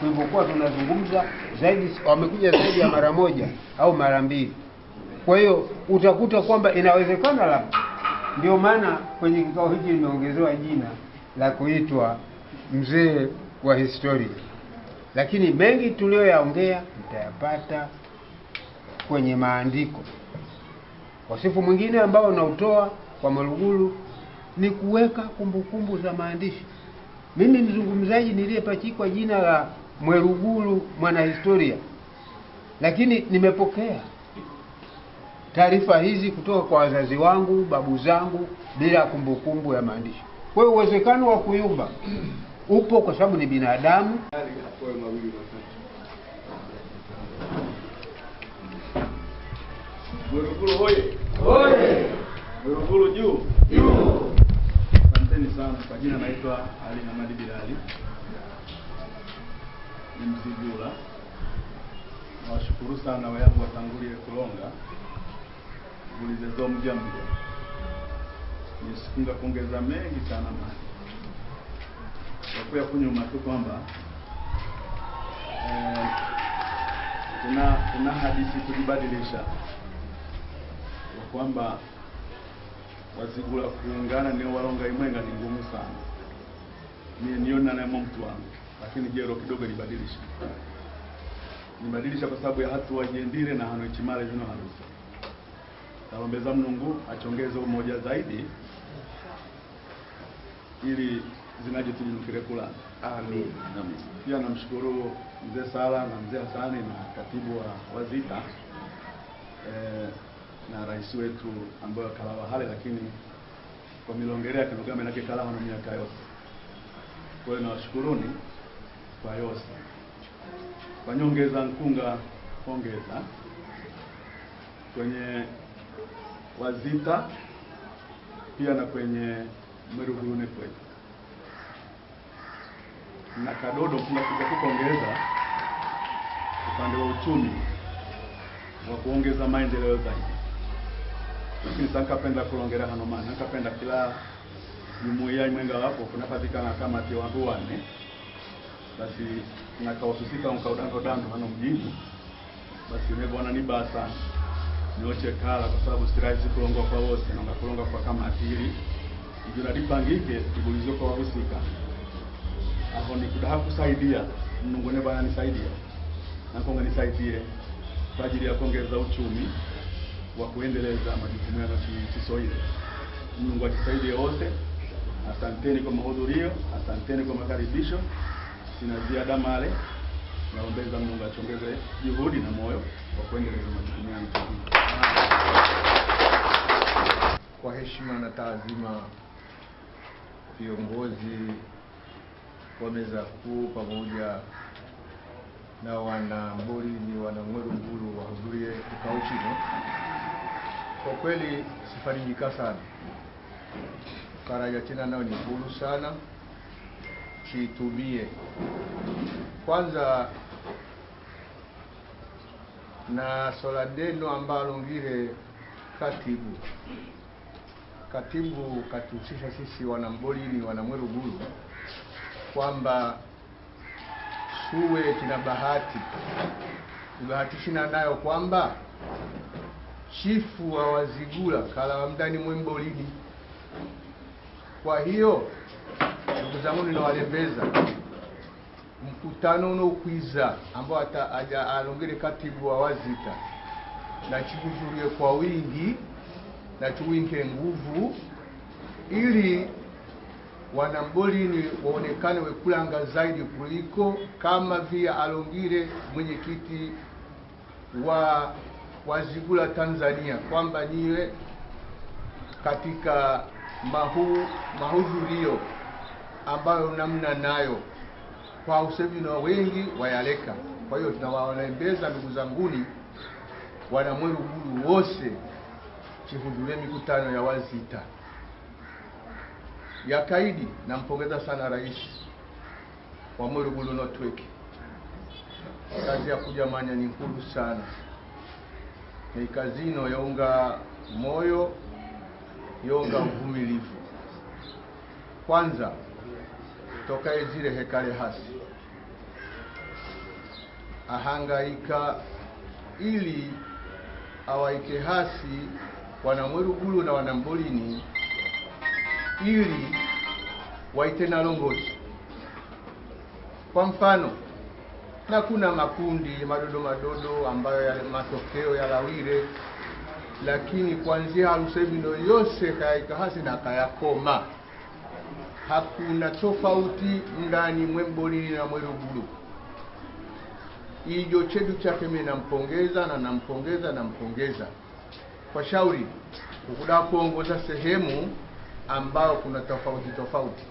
tulivyokuwa tunazungumza zaidi, wamekuja zaidi ya mara moja au mara mbili. Kwa hiyo utakuta kwamba inawezekana labda ndio maana kwenye kikao hiki nimeongezewa jina la kuitwa mzee wa historia, lakini mengi tuliyoyaongea mtayapata kwenye maandiko. Wasifu mwingine ambao unautoa kwa Moruguru ni kuweka kumbukumbu za maandishi. Mimi mzungumzaji niliyepachikwa jina la mweruguru mwanahistoria, lakini nimepokea taarifa hizi kutoka kwa wazazi wangu, babu zangu, bila kumbukumbu ya maandishi. Kwa hiyo uwezekano wa kuyumba upo, kwa sababu ni binadamu. hoye! Hoye! juu! Juu! Asanteni sana. Kwa jina naitwa Ali Hamadi Bilali ni Nawashukuru sana weyabu watangulie kulonga gulizezo mja mja nisikunga kuongeza mengi sana mani wakuya kunyuma tu kwamba eh, kuna tuna hadithi kujibadilisha kwamba Wazigula kuungana ni walonga imwenga ni ngumu sana. mie niona mtu wangu lakini jero kidogo nibadilisha, nibadilisha kwa sababu ya hatu wajendire na hano ichimale vino harusi talombeza Mnungu achongeze umoja zaidi ili tujinukire kula amin. Pia namshukuru mzee Sala na mzee Hasani na katibu wa Wazita e, na rais wetu ambayo kalawa hale lakini kwa milongerea kinogame nake kalawa na miaka yote Kwa hiyo nawashukuruni. Yosa Kwa nyongeza Nkunga, ongeza kwenye Wazita pia na kwenye Mwerugurune kwenye na Kadodo tunakuja kupongeza upande wa uchumi wa kuongeza maendeleo zaidi, lakini sasa nikapenda kuongera hano maana nikapenda kila jumuiya imenga wapo kunapatikana kamati wangu wanne basi nakawasusika mkaudandodando hana mjibu basi mimi bwana ni basa nyoche kala kwa sababu siraisi kulongwa kwa wose nanga kulongwa kwa kama atili ijuna dipangike tibulizo kwa wahusika aho kudaha kusaidia mnungone bwana nisaidia konga nisaidie kwa ajili ya kuongeza uchumi wa kuendeleza majukumu yana Chisoile. Mungu atusaidie wote. Asanteni kwa mahudhurio, asanteni kwa makaribisho sina ziada male, naombeza Mungu achongeze juhudi na moyo wa kuendeleza majukumu yangu. Kwa heshima na taazima viongozi wa meza kuu pamoja na wana mbori ni wana nguru wahudhurie kikao chino, kwa kweli sifarijika sana karaja tena, nao ni nguru sana tuitumie kwanza, na swala deno ambalo ngile katibu katibu katuhusisha sisi wanambolini wanamwerugulu kwamba suwe tina bahati shina nayo kwamba chifu wa Wazigula kala wamdani mwembolini. Kwa hiyo ndugu zangu mkutano unokwiza ambao alongere katibu wa wazita nachikuzurie kwa wingi nachiwinke nguvu ili wanambolini waonekane wekulanga zaidi kuliko kama via alongile mwenyekiti wa wazigula Tanzania kwamba niwe katika mahu mahudhurio ambayo namna nayo kwa usemi na wengi wayaleka. Kwa hiyo tunawaombeza ndugu zanguni, mwerugulu wose chihudhurie mikutano ya wazita ya kaidi. Nampongeza sana rais wa Mwerugulu Network, kazi ya kuja manya ni nkulu sana, ni kazi ino yonga moyo yonga uvumilivu kwanza toka zile hekale hasi ahangaika ili awaike hasi wanamwerugulu na wanambolini ili waite na longozi Kwa mfano, na kuna makundi madodo madodo ambayo ya matokeo yalawile, lakini kuanzia yose kayaika hasi na kayakoma hakuna tofauti ndani mwembolini na mwerugulu ijo chedu chake mimi nampongeza na nampongeza nampongeza kwa shauri kukuda kuongoza sehemu ambao kuna tofauti tofauti